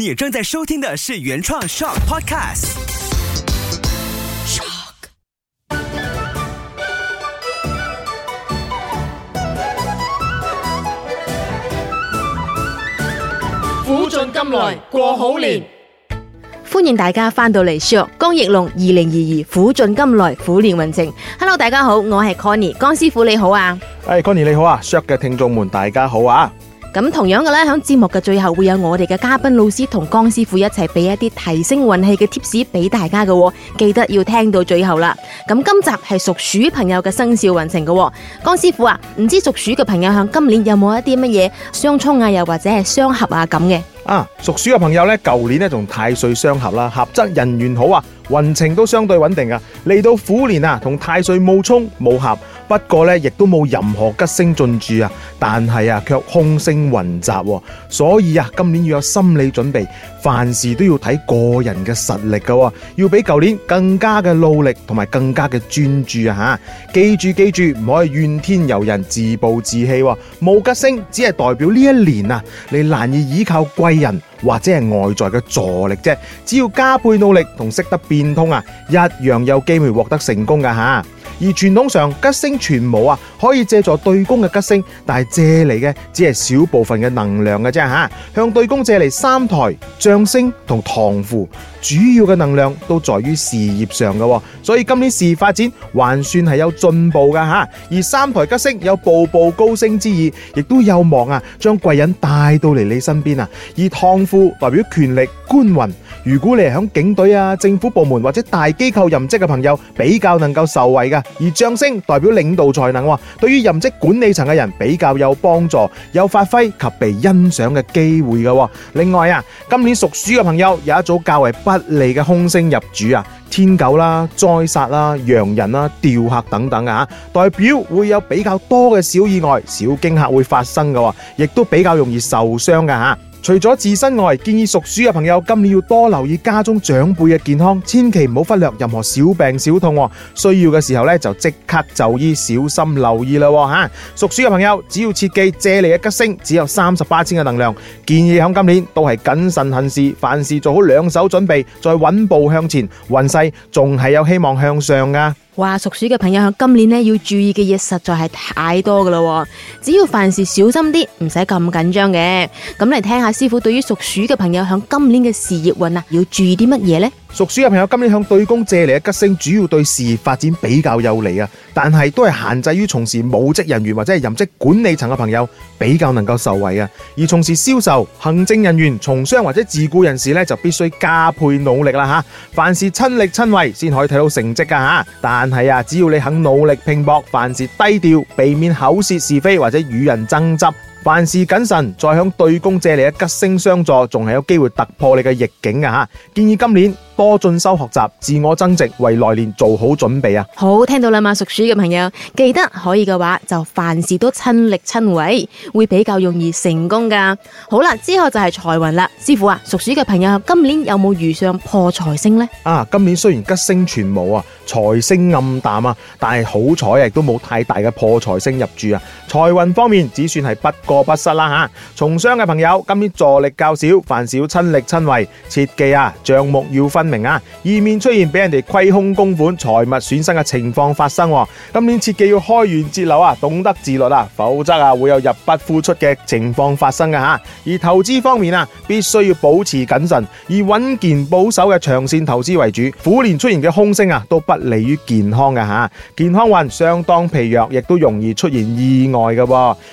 你正在收聽的是原創 Shock Podcast。Shock。虎進金來過好年，歡迎大家翻到嚟 Shock 江奕龍二零二二虎進金來虎年運程。Hello，大家好，我係 Connie 江師傅，你好啊。哎 Connie 你好啊，Shock 嘅聽眾們，大家好啊。咁同樣嘅咧，喺節目嘅最後會有我哋嘅嘉賓老師同江師傅一齊俾一啲提升運氣嘅 tips 俾大家嘅，記得要聽到最後啦。咁今集係屬鼠朋友嘅生肖運程嘅。江師傅啊，唔知屬鼠嘅朋友響今年有冇一啲乜嘢相沖啊，又或者係相合啊咁嘅？啊，屬鼠嘅朋友咧，舊年咧同太歲相合啦，合則人緣好啊，運程都相對穩定啊。嚟到虎年啊，同太歲冇沖冇合。不過呢，亦都冇任何吉星進駐啊，但係啊，卻凶星雲集，所以啊，今年要有心理準備，凡事都要睇個人嘅實力喎。要比舊年更加嘅努力同埋更加嘅專注啊！吓，記住記住，唔可以怨天尤人，自暴自棄，冇吉星只係代表呢一年啊，你難以依靠貴人。或者係外在嘅助力啫，只要加倍努力同識得變通啊，一樣有機會獲得成功噶吓。而傳統上吉星全無啊，可以借助對宮嘅吉星，但係借嚟嘅只係少部分嘅能量嘅啫吓，向對宮借嚟三台、象星同唐符。主要嘅能量都在於事業上嘅，所以今年事業發展還算係有進步嘅吓。而三台吉星有步步高升之意，亦都有望啊將貴人帶到嚟你身邊啊。而唐符代表權力官運，如果你係響警隊啊、政府部門或者大機構任職嘅朋友，比較能夠受惠嘅。而將星代表領導才能，對於任職管理層嘅人比較有幫助，有發揮及被欣賞嘅機會嘅。另外啊，今年屬鼠嘅朋友有一組較為不不利嘅空星入主啊，天狗啦、災煞啦、羊刃啦、吊客等等啊，代表會有比較多嘅小意外、小驚嚇會發生嘅吓，亦都比較容易受傷嘅吓啊。除咗自身外，建議屬鼠嘅朋友今年要多留意家中長輩嘅健康，千祈唔好忽略任何小病小痛，需要嘅時候呢，就即刻就醫，小心留意啦吓！屬鼠嘅朋友只的，只要切記借嚟一吉星只有三十八千嘅能量，建議喺今年都係謹慎行事，凡事做好兩手準備，再穩步向前，運勢仲係有希望向上噶。話，屬鼠嘅朋友喺今年要注意嘅嘢實在係太多㗎喇，只要凡事小心啲，唔使咁緊張嘅。咁嚟聽下師傅對於屬鼠嘅朋友喺今年嘅事業運呀，要注意啲乜嘢呢？屬鼠的朋友，今年向對公借嚟嘅吉星，主要對事業發展比較有利啊。但是都是限制於從事武職人員或者任職管理層嘅朋友比較能夠受惠啊。而從事銷售、行政人員、從商或者自雇人士呢，就必須加倍努力啦。吓，凡事親力親為先可以睇到成績噶吓。但是啊，只要你肯努力拼搏，凡事低調，避免口舌是非或者與人爭執，凡事謹慎，再向對公借嚟嘅吉星相助，仲係有機會突破你嘅逆境啊。吓，建議今年。多進修學習，自我增值，為來年做好準備啊！好聽到啦嘛，屬鼠嘅朋友，記得可以嘅話就凡事都親力親為，會比較容易成功噶。好啦，之後就係財運啦，師傅啊，屬鼠嘅朋友今年有冇遇上破財星呢？啊，今年雖然吉星全無啊，財星暗淡啊，但係好彩啊，亦都冇太大嘅破財星入住啊。財運方面只算係不過不失啦吓。從商嘅朋友今年助力較少，凡事要親力親為，切記啊，賬目要分。明啊，以免出現俾人哋虧空公款、財物損失嘅情況發生。今年切記要開源節流啊，懂得自律啊，否則啊會有入不敷出嘅情況發生嘅吓。而投資方面啊，必須要保持謹慎，以穩健保守嘅長線投資為主。虎年出現嘅凶星啊，都不利於健康嘅吓。健康運相當疲弱，亦都容易出現意外嘅。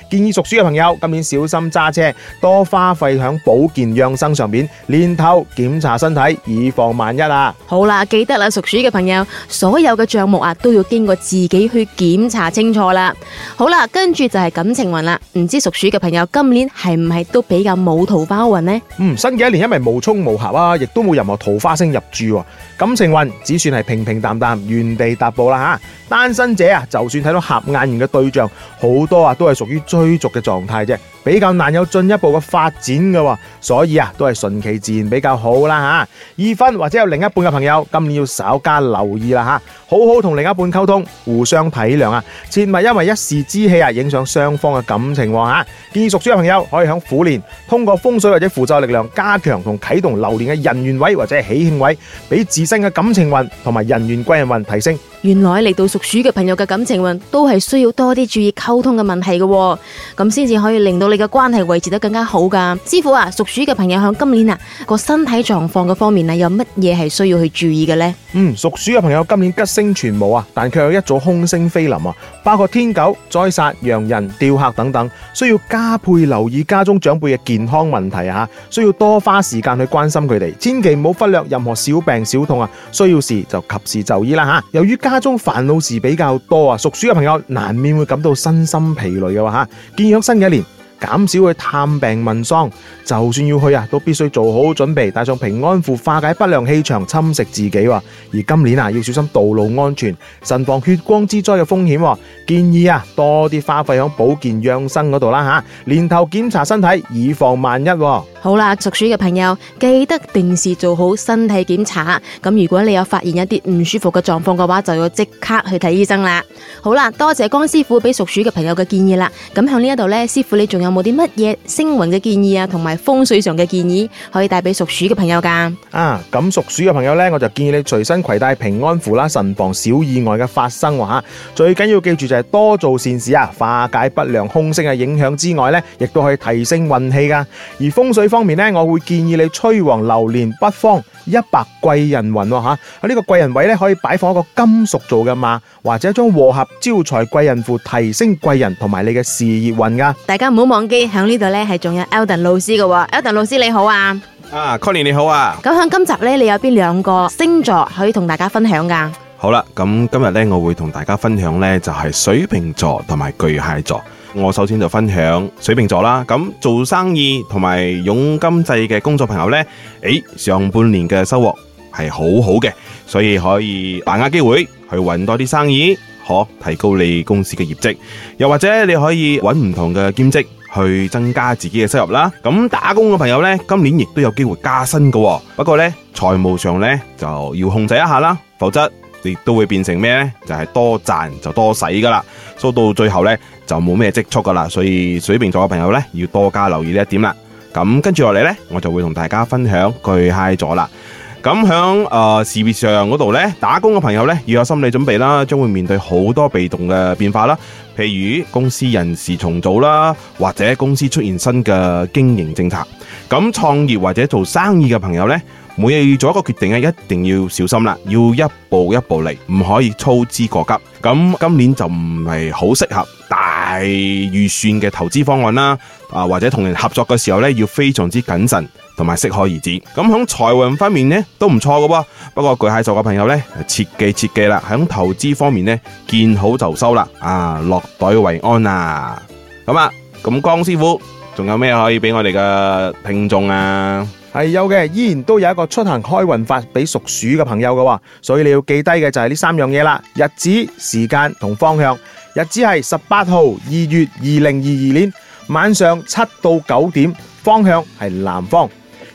建議屬鼠嘅朋友今年小心揸車，多花費喺保健養生上面，年頭檢查身體以防萬一啊！好啦，記得啦，屬鼠嘅朋友，所有嘅賬目啊都要經過自己去檢查清楚啦。好啦，跟住就係感情運啦，唔知屬鼠嘅朋友今年係唔係都比較冇桃花運呢？嗯，新嘅一年因為無衝無合啊，亦都冇任何桃花星入住，感情運只算係平平淡淡、原地踏步啦吓。單身者啊，就算睇到合眼緣嘅對象，好多啊都係屬於。追逐嘅狀態啫。比較難有進一步嘅發展嘅，所以啊，都係順其自然比較好啦吓。二婚或者有另一半嘅朋友，今年要稍加留意啦吓，好好同另一半溝通，互相體諒啊，切勿因為一時之氣啊，影響雙方嘅感情吓。建議屬鼠嘅朋友可以響虎年通過風水或者符咒力量加強同啟動流年嘅人緣位或者喜慶位，俾自身嘅感情運同埋人緣貴人運提升。原來嚟到屬鼠嘅朋友嘅感情運都係需要多啲注意溝通嘅問題嘅，咁先至可以令到你。嘅關係維持得更加好噶。師傅啊，屬鼠嘅朋友喺今年啊，個身體狀況嘅方面啊，有乜嘢係需要去注意嘅呢？嗯，屬鼠嘅朋友今年吉星全無啊，但卻有一組凶星飛臨啊，包括天狗災煞、羊刃、吊客等等，需要加倍留意家中長輩嘅健康問題啊。需要多花時間去關心佢哋，千祈唔好忽略任何小病小痛啊。需要時就及時就醫啦。吓，由於家中煩惱事比較多啊，屬鼠嘅朋友難免會感到身心疲累嘅。吓，建議新嘅一年。減少去探病問喪，就算要去啊，都必須做好準備，帶上平安符化解不良氣場侵蝕自己。而今年啊，要小心道路安全，慎防血光之災嘅風險。建議啊，多啲花費喺保健養生嗰度啦，年頭檢查身體，以防萬一。好啦，屬鼠嘅朋友記得定時做好身體檢查。咁如果你有發現一啲唔舒服嘅狀況嘅話，就要即刻去睇醫生啦。好啦，多謝江師傅俾屬鼠嘅朋友嘅建議啦。咁向呢一度呢，師傅你仲有冇啲乜嘢星雲嘅建議啊？同埋風水上嘅建議可以帶俾屬鼠嘅朋友噶？啊，咁屬鼠嘅朋友呢，我就建議你隨身攜帶平安符啦，慎防小意外嘅發生。話吓，最緊要記住就係多做善事啊，化解不良空星嘅影響之外呢，亦都可以提升運氣噶。而風水方方面咧，我會建議你催旺流年北方一百貴人運喎吓，喺呢個貴人位咧可以擺放一個金屬做嘅嘛，或者將和合招財貴人符提升貴人同埋你嘅事業運噶。大家唔好忘記喺呢度咧係仲有 Elden 老師嘅喎，Elden 老師你好啊，啊、ah, Connie 你好啊，咁喺今集咧你有邊兩個星座可以同大家分享噶？好啦，咁今日咧我會同大家分享咧就係水瓶座同埋巨蟹座。我首先就分享水瓶座啦，咁做生意同埋佣金制嘅工作朋友呢，誒、欸，上半年嘅收穫係好好嘅，所以可以把握機會去搵多啲生意，可提高你公司嘅業績。又或者你可以搵唔同嘅兼職去增加自己嘅收入啦。咁打工嘅朋友呢，今年亦都有機會加薪㗎，不過呢財務上呢，就要控制一下啦，否則。亦都會變成咩呢？就係多賺就多使噶啦，所以到最後呢，就冇咩積蓄噶啦。所以水瓶座嘅朋友呢，要多加留意呢一點啦。咁跟住落嚟呢，我就會同大家分享巨蟹座啦。咁響誒，事業上嗰度呢，打工嘅朋友呢，要有心理準備啦，將會面對好多被動嘅變化啦。譬如公司人事重組啦，或者公司出現新嘅經營政策。咁創業或者做生意嘅朋友呢，每日做一個決定啊，一定要小心啦，要一步一步嚟，唔可以操之過急。咁今年就唔係好適合大預算嘅投資方案啦。啊，或者同人合作嘅時候呢，要非常之謹慎，同埋適可而止。咁響財運方面呢都唔錯㗎喎，不過巨蟹座嘅朋友呢切記切記啦，響投資方面呢見好就收啦，啊落袋為安啊。咁啊，咁江師傅仲有咩可以俾我哋嘅聽眾啊？係有嘅，依然都有一個出行開運法俾屬鼠嘅朋友嘅，所以你要記低嘅就係呢三樣嘢啦。日子、時間同方向。日子係十八號二月二零二二年晚上七到九點，方向係南方。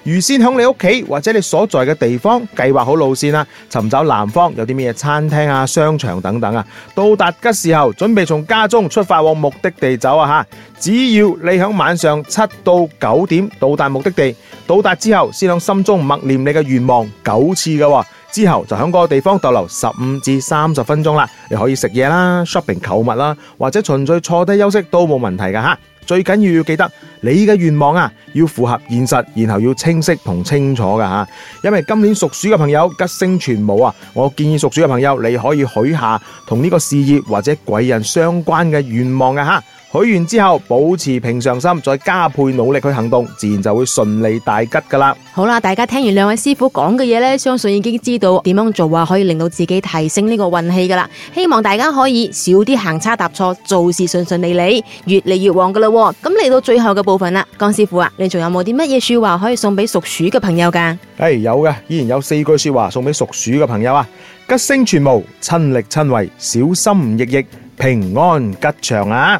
預先喺你屋企或者你所在嘅地方計劃好路線啦，尋找南方有啲咩餐廳啊、商場等等啊。到達嘅時候，準備從家中出發往目的地走啊吓。只要你喺晚上七到九點到達目的地，到達之後先響心中默念你嘅願望九次嘅喎，之後就響嗰個地方逗留十五至三十分鐘啦。你可以食嘢啦、shopping 購物啦，或者純粹坐低休息都冇問題嘅吓。最緊要要記得，你嘅願望啊，要符合現實，然後要清晰同清楚㗎，因為今年屬鼠嘅朋友吉星全無啊，我建議屬鼠嘅朋友，你可以許下同呢個事業或者貴人相關嘅願望嘅。許完之後，保持平常心，再加倍努力去行動，自然就會順利大吉噶啦。好啦，大家聽完兩位師傅講嘅嘢咧，相信已經知道點樣做啊，可以令到自己提升呢個運氣噶啦。希望大家可以少啲行差踏錯，做事順順利利，越嚟越旺噶啦。咁嚟到最後嘅部分啦，江師傅啊，你仲有冇啲乜嘢說話可以送俾屬鼠嘅朋友噶？誒、hey,，有嘅，依然有四句說話送俾屬鼠嘅朋友啊！吉星全無，親力親為，小心翼翼，平安吉祥啊！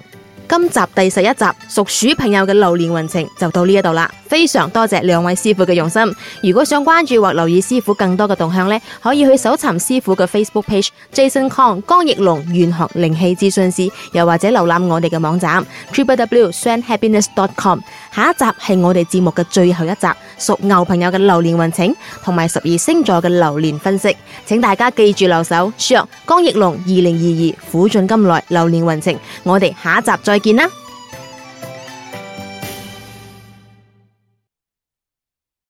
今集第十一集屬鼠朋友嘅流年運程就到呢一度啦，非常多謝兩位師傅嘅用心。如果想關注或留意師傅更多嘅動向咧，可以去搜尋師傅嘅 Facebook page Jason Kong 江奕龍玄學靈氣諮詢師，又或者瀏覽我哋嘅網站 Triple W Sun Happiness dot com。下一集是我哋節目嘅最後一集，屬牛朋友嘅流年運程同埋十二星座嘅流年分析，請大家記住留守卓江奕龍二零二二苦盡甘來流年運程，我哋下一集再見啦。